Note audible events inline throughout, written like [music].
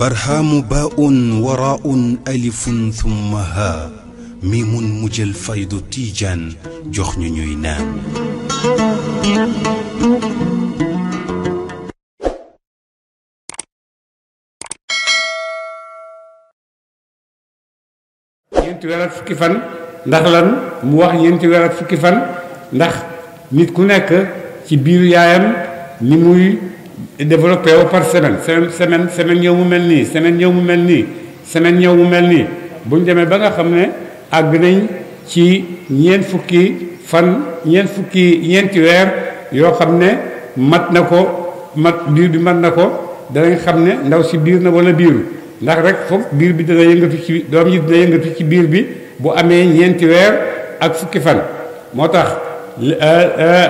barhaamu baa'un waraa'un alifun thumma haa miimun mu jël faydu tiijaan jox ñu ñuy naan ñeenti weer fukki fan ndax lan mu wax ñeenti weer fukki fan ndax nit ku nekk ci biir yaayam ni muy développé wu par semaine semaine semaine semaine ñëw mu mel nii semaine ñëw mu mel nii semaine ñëw mu mel nii bu demee ba nga xam ne ak àgg nañ ci ñeent fukki fan ñeent fukki ñeenti weer yoo xam ne mat na ko mat biir bi mat na ko danañ xam ne ndaw si biir na walla biiru ndax rek foog biir bi dana yëngatu ci doom yi dina yëngatu ci biir bi bu amee ñeenti weer ak fukki fan moo tax euh, euh,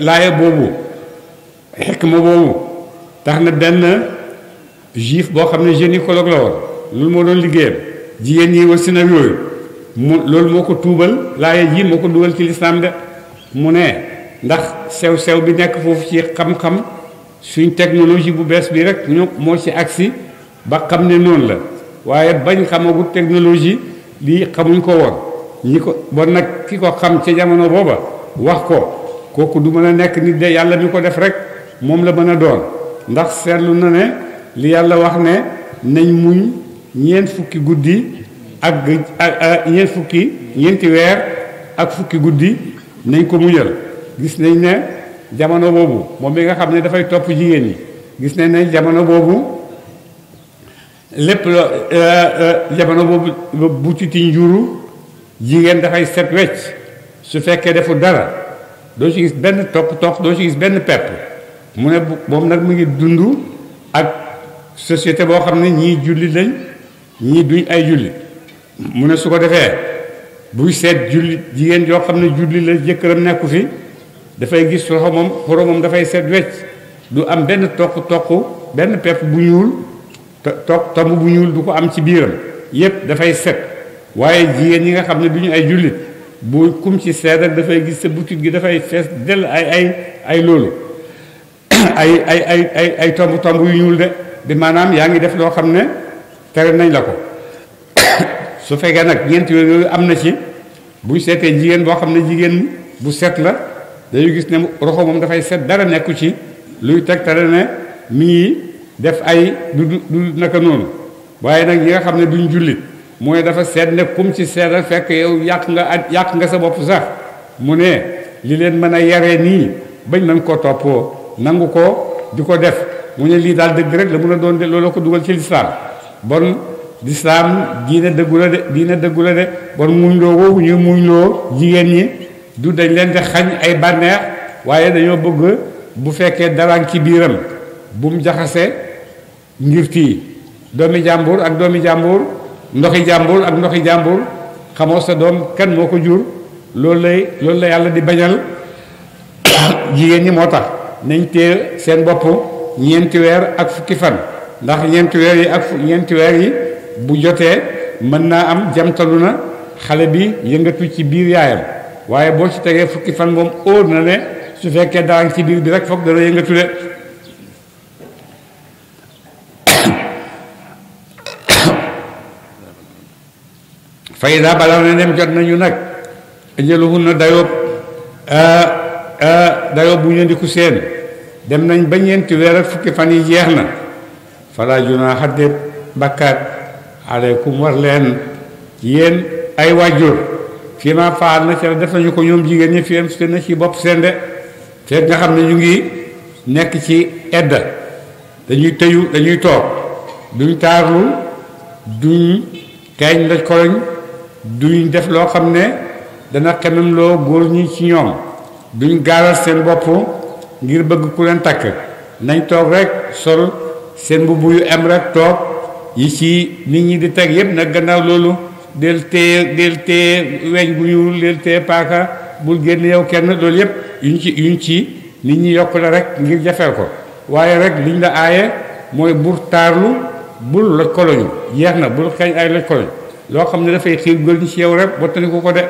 laaya boobu xikma boobu tax na benn juif boo xam ne gynécologue la woon loolu moo doon liggéeyam jigéen ñi si ak yooyu mu loolu moo ko tuubal laaya ji moo ko dugal ci lislaam de mu ne ndax sew-sew bi nekk foofu ci xam-xam suñ technologie bu bees bi rek ñu moo ci agsi ba xam ne noonu la waaye bañ xamagu technologie lii xamuñ ko woon ñi ko bon nag ki ko xam ca jamono booba wax ko kooku du mën a nekk nit de yàlla mi ko def rek moom la mën a doon ndax seetlu na ne li yàlla wax ne nañ muñ ñeent fukki guddi ak ñeent fukki ñeenti weer ak fukki guddi nañ ko gis nañ ne jamono boobu moom mi nga xam ne dafay topp jigéen gis ne jamono mu ne boobu nag mu ngi dund ak société boo xam ne ñii julli lañ ñii duñ ay julli mu ne su ko defee buy seet julli jigéen joo xam ne julli la jëkkëram nekku fi dafay gis xoromam xoromam dafay set wecc du am benn toq toq benn pepp bu ñuul toq tomb bu ñuul du ko am ci biiram yépp dafay set waaye jigéen ñi nga xam ne du ay jullit bu kum ci seet dafay gis sa butit gi dafay fees dell ay ay ay loolu ay ay ay ay ay tomb tomb yu ñuul de bi maanaam yaa ngi def loo xam ne tere nañ la ko [coughs] su fekkee nag ñeent yooyu am na ci buñ seetee jigéen boo xam ne jigéen bu set la dañuy gis ne roxo moom dafay set dara nekku ci luy teg tere ne mi ngi def ay du du naka noonu waaye nag ñi nga xam ne duñ jullit mooy dafa seet ne kum ci seetal fekk yow yàq nga yàq nga sa bopp sax mu ne li leen mën a yaree nii bañ nañ ko toppoo nangu ko di ko def mu ne lii daal dëgg rek la mun a doon de looloo ko dugal ci lislaam bon lislaam diine dëggu la de diine dëggu de bon muñ loo woowu ñu muñ loo jigéen ñi du dañ leen di xañ ay bànneex waaye dañoo bëgg bu fekkee daraan ci biiram bu mu jaxase ngir tii doomi jàmbur ak doomi jàmbur ndoxi jàmbur ak ndoxi jàmbur xamoo sa doom kan moo ko jur loolu lay loolu la yàlla di bañal [coughs] jigéen ñi moo tax nañ téye seen bopp ñeenti ak fukki fan ndax ñeenti weer yi ak ñeenti weer yi bu jotee mën naa am jamtalu na xale bi yëngatu ci biir yaayam waaye boo ci tegee fukki fan moom óor na ne su fekkee dara ci biir bi rek foog dana yëngatu de [coughs] fayda balaw ne dem jot nañu nag ajaluhun na dayoob euh, Ah, dara bu ñu di ñëndiku seen dem nañ ba ñeenti weer ak fukki fan yi jeex na falaa junaa xaddeet bakkaat aleykum war leen yéen ay wàjjur fii ma faar na ca def nañu ko ñoom jigéen ñi fi am su na ci bopp seen de fekk nga xam ne ñu ngi nekk ci edda dañuy tëyu dañuy toog duñ taarlu duñ kañ la koloñ duñ def loo xam ne dana xemem loo góor ñi ci ñoom duñ gaaral seen bopp ngir bëgg ku leen takk nañ toog rek sol seen mbubb yu em rek toog yi ci nit ñi di teg yépp nag gannaaw loolu del téye weñ bu ñuul del téye paaka bul génn yow kenn loolu yépp yuñ ci yuñ ci nit ñi yokk la rek ngir jafeel ko waaye rek liñ la aaye mooy bul taarlu bul loj koloñu jeex na bul xeeñ ay loj koloñ loo xam ne dafay xiir gël ci yow rek bottaniku ko de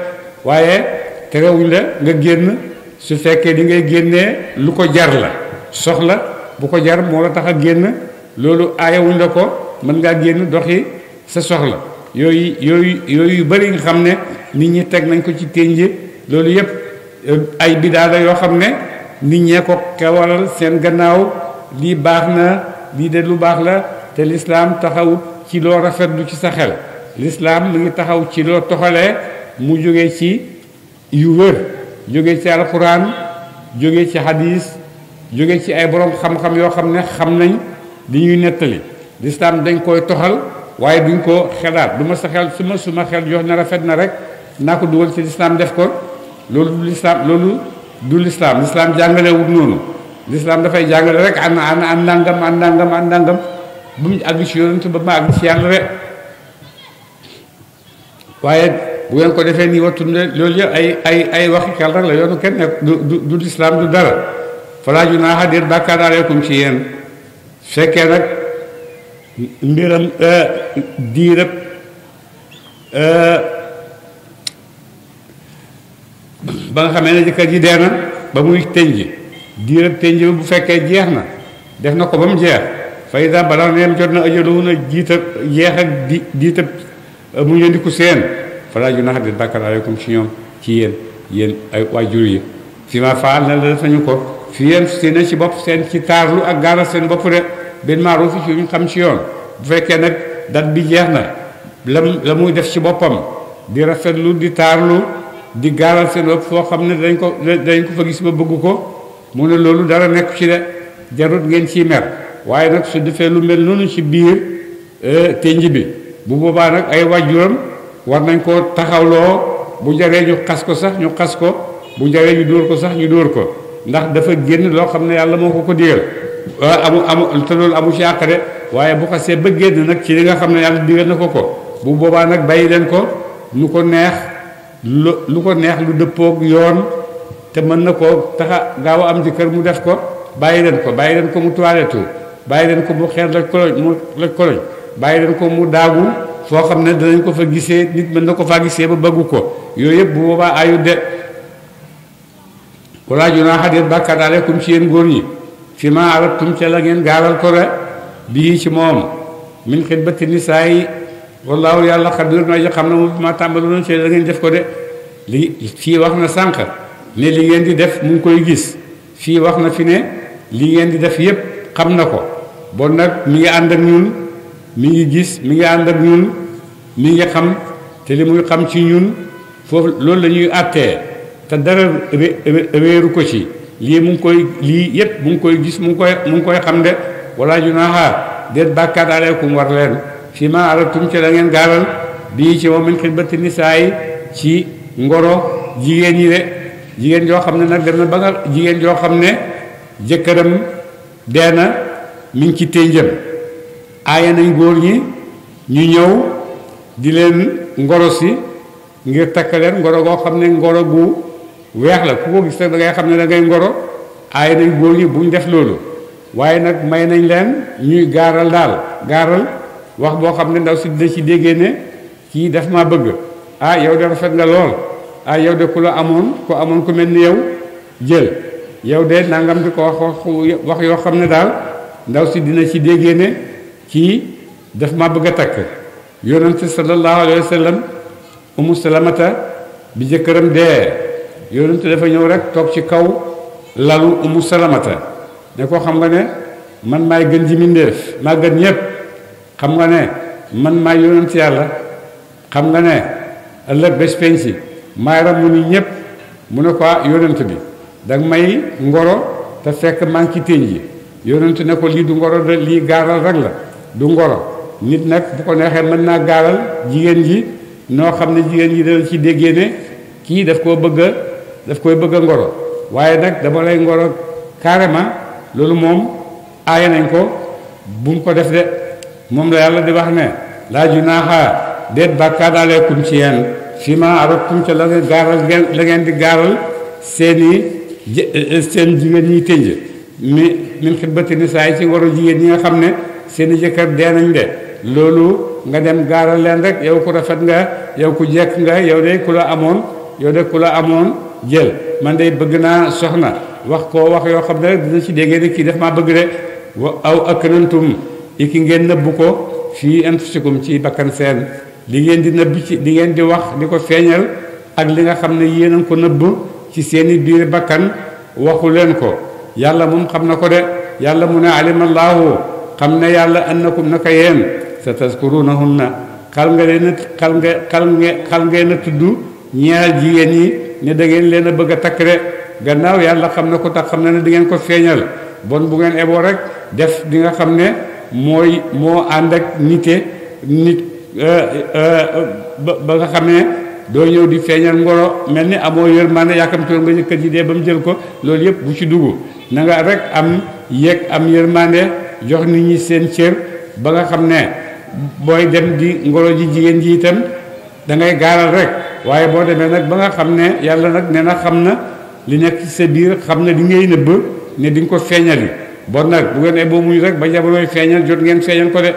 waaye terewuñ la nga génn su fekkee li ngay génnee lu ko jar la soxla bu ko jar moo la tax a génn loolu aayawuñ la ko mën ngaa génn doxi sa soxla yooyu yooyu yooyu bari bëri nga xam ne nit ñi teg nañ ko ci ténje loolu yépp eh, ay bidaa la yoo xam ne nit ñee ko kewalal seen gannaaw lii baax na lii de lu baax la te lislaam taxaw ci loo rafetlu ci sa xel lislaam mu ngi taxaw ci loo toxalee mu jógee ci yu wër jóge ci alquran jóge ci hadis jóge ci ay boroom xam-xam yoo xam ne xam nañ di ñuy nettali lislaam dañ koy toxal waaye duñ ko xelaat du ma sa xel su ma suma xel yox ne rafet na rek naa ko dugal ci lislaam def ko loolu du lislaam loolu du lislaam lislaam jàngale noonu lislaam dafay jàngale rek an an an nangam an nangam an nangam bu mu àgg si yonent ba ma àgg si yàlla rek waaye bu ngeen ko defee nii wattu ne loolu yëpp ay ay ay waxi xel rek la yoonu kenn du du du lislaam du dara falaa junaaha déet bàkkaar aleykum ci yéen fekkee nag mbiram euh, diirëb euh, ba nga xamee ne jëkkër ji dee na ba muy tënji diirab tënji bu fekkee jeex na def na ko ba mu jeex fayda balaa neem jot na ajaluhu na jiitab jeex ak di diitab mu njëndiku seen falaa junaha bi bàkkar aleykum ci ñoom ci yéen yéen ay waajur yi fi ma faal na la sañu ko fi yéen si na ci bopp seen ci taarlu ak gaaral seen bopp de bin maaruf ci ñu xam ci yoon bu fekkee nag dat bi jeex na lam la muy def ci boppam di rafetlu di taarlu di gaaral seen bopp foo xam ne dañ ko dañ ko fa gis ba bëgg ko mu ne loolu dara nekk ci de jarut ngeen ciy mer waaye nag su defee lu mel noonu ci biir eh, tënj bi bu boobaa nag ay waajuram war nañ koo taxawloo bu jaree ñu xas ko sax ñu xas ko bu jaree ñu dóor ko sax ñu dóor ko ndax dafa génn loo xam ne yàlla moo ko ko digal amu amu te loolu amu ci waaye bu xasee ba génn nag ci li nga xam ne yàlla digal na ko ko bu boobaa nag bàyyi leen ko lu ko neex lu lu ko neex lu dëppoog yoon te mën na koo taxa gaaw am ci kër mu def ko bàyyi leen ko bàyyi leen ko mu toilettu bàyyi leen ko mu xeer laj koloñ mu laj koloñ bàyyi leen ko mu daagu foo xam ne danañ ko fa gisee nit mën na ko faa gisee ba bëggu ko yooyu yëpp bu boobaa ayu de walaa junaaha déet bàkkaar kum ci yéen góor ñi fi ma arabtum ca la ngeen gaaral ko re bii ci moom mu xitbati nisaa yi wallaahu yàlla xabiir na ji xam na mu ma tàmbaloon ci la ngeen def ko de li fii wax na sànq ne li ngeen di def mu ngi koy gis fii wax na fi ne li ngeen di def yépp xam na ko bon nag mi ngi ànd ak ñun mi ngi gis mi ngi ànd ak ñun mi ngi xam te li muy xam ci ñun foofu loolu lañuy ñuy àttee te dara réeru ko ci lii mu ngi koy lii yépp mu ngi koy gis mu ngi koy mu ngi koy xam de wala junaaha déet bàkkaat aleykum war leen fi ma aratum ci la ngeen gaaral bii ci moom min xidbati nisaay ci ngoro jigéen ñi de jigéen joo xam ne nag dem na ba nga jigéen joo xam ne jëkkëram dee na mi ngi ci ténjëm aaya nañ góor yi ñu ñëw di leen ngoro si ngir takk leen ngoro goo xam ne ngoro gu weex la ku ko gis rek da ngay xam ne dangay ngoro aaye nañ góor ñi buñ def loolu waaye nag may nañ leen ñuy gaaral daal gaaral wax boo xam ne ndaw si dina ci déggee kii daf maa bëgg ah yow de rafet nga lool ah yow de ku la amoon ku amoon ku mel ni yow jël yow de nangam di ko wax wax yoo xam ne daal ndaw si dina ci déggee kii daf ma bëgg a takk yonente sallallahu alayhi wa sallam umu salamata bi jëkkëram dee yonente dafa ñëw rek toog ci kaw lalu umu salamata ne ko xam nga ne man maay gën ji mindéef maa gën ñépp xam nga ne man maay yonent yàlla xam nga ne ëllëg bés si maay ram mu ni ñépp mu ne ko ah, yonent bi danga may ngoro te fekk maa ngi ci téñ ji yonent ne ko lii du ngoro lii gaaral rek la du ngoro nit nag bu ko neexee mën naa gaaral jigéen ji noo xam ne jigéen ji dana ci déggee ne kii daf koo bëgg daf koy bëgg a ngoro waaye nag dama lay ngoro carrément loolu moom aaye nañ ko bu ko def de moom la yàlla di wax ne laa junaaha déet bàkkaar aleykum ci yeen fi ma arabtum ca la ngeen gaaral la ngeen di gaaral seeni seen jigéen ñi tënj mi min xitbati yi ci ngoro jigéen ñi nga xam ne seeni jëkkër dee nañ de loolu nga dem gaaral leen rek yow ku rafet nga yow ku jekk nga yow de ku la amoon yow de ku la amoon jël man dey bëgg naa soxna wax koo wax yoo xam ne dina ci déggee ne kii daf maa bëgg de wa aw aknantum ki ngeen nëbbu ko fii anfusikum ci bakkan seen li ngeen di nëbb ci li ngeen di wax di ko feeñal ak li nga xam ne yéen ko nëbb ci seeni biir bakkan waxu leen ko yàlla moom xam na ko de yàlla mu ne alimallahu xam ne yàlla annakum naka yéen sa taskurunahunna xal nga leen xal nga xal nga xal ngeen a tudd ñaar jigéen ñi ne da ngeen leen a bëgg a gannaaw yàlla xam na ko tax xam di ngeen ko feeñal bon bu ngeen eboo rek def di nga xam ne mooy moo ak nite nit euh, euh, ba ba nga xam ne doo di feeñal ngoro mel ni amoo yërmande yàkkamtoon nga jëkkër ji dee ba mu jël ko loolu yëpp bu ci dugg na nga rek am yek am yërmande jox nit ñi seen cër ba nga xam ne booy dem di ngoro ji jigéen ji itam da ngay gaaral rek waaye boo demee nag ba nga xam ne yàlla nag nee na xam na li nekk ci sa biir xam ne li ngay nëbb ne di nga ko feeñali bon nag bu ngeen ay boobu rek ba jamonoy feeñal jot ngeen feeñal ko de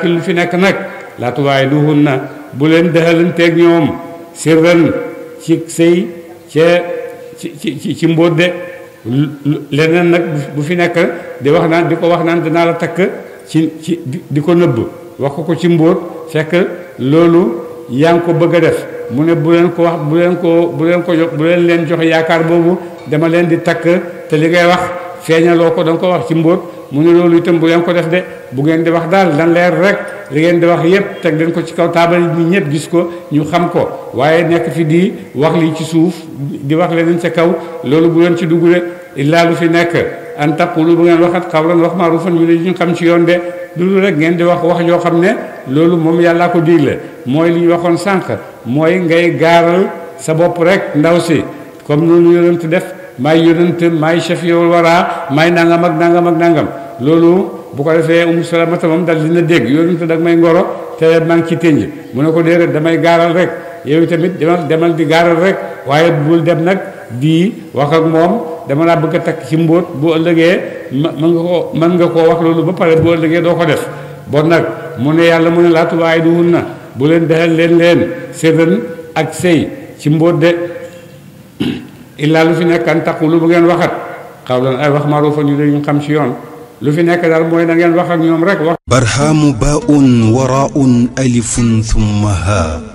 kii lu fi nekk nag laatu waaye duhun na bu leen dexalanteeg ñoom sirran ci sëy ca ci ci ci mbóot de leneen nag bu fi nekk di wax naan di ko wax naan dinaa la takk ci ci di ko nëbb wax ko ko ci mbóot fekk loolu yaa ngi ko bëgg a def mu ne bu leen ko wax bu leen ko bu leen ko jox bu leen leen jox yaakaar boobu dama leen di takk te li ngay wax feeñaloo ko da ko wax ci mbóot mu ne loolu itam bu leen ko def de bu ngeen di wax daal lan leer rek li ngeen di wax yépp teg leen ko ci kaw taabal yi ñëpp gis ko ñu xam ko waaye nekk fi di wax lii ci suuf di wax leneen ca kaw loolu bu leen ci dugg de illaa fi nekk an taqulu bu ngeen waxat xawlan wax maarufan ñu ne ñu xam ci yoon de loolu rek ngeen di wax wax yoo xam ne loolu moom yàllaa ko digle mooy li ñu waxoon sànq mooy ngay gaaral sa bopp rek ndaw si comme loolu yonent def maay yonent maay chef yow waraa maay nangam ak nangam ak nangam loolu bu ko defee umu salamata moom dal dina dégg yonent dag may ngoro te maa ngi ci tënj mu ne ko déedéet damay gaaral rek yow tamit demal demal di gaaral rek waaye bul dem nag di wax ak moom dama laa bëgg a takk ci mbóot bu ëllëgee ma mën nga koo mën nga koo wax loolu ba pare bu ëllëgee doo ko def bon nag mu ne yàlla mu ne laa tuwaay duwun na bu leen dexal leen leen séddën ak sëy ci mbóot de [clears throat] illaa lu fi nekk an taqu lu bu ngeen waxat xaw lan ay wax maarufa ñu dañu xam ci yoon lu fi nekk daal mooy na ngeen wax ak ñoom rek wax barhaamu baaun waraun alifun thumma ha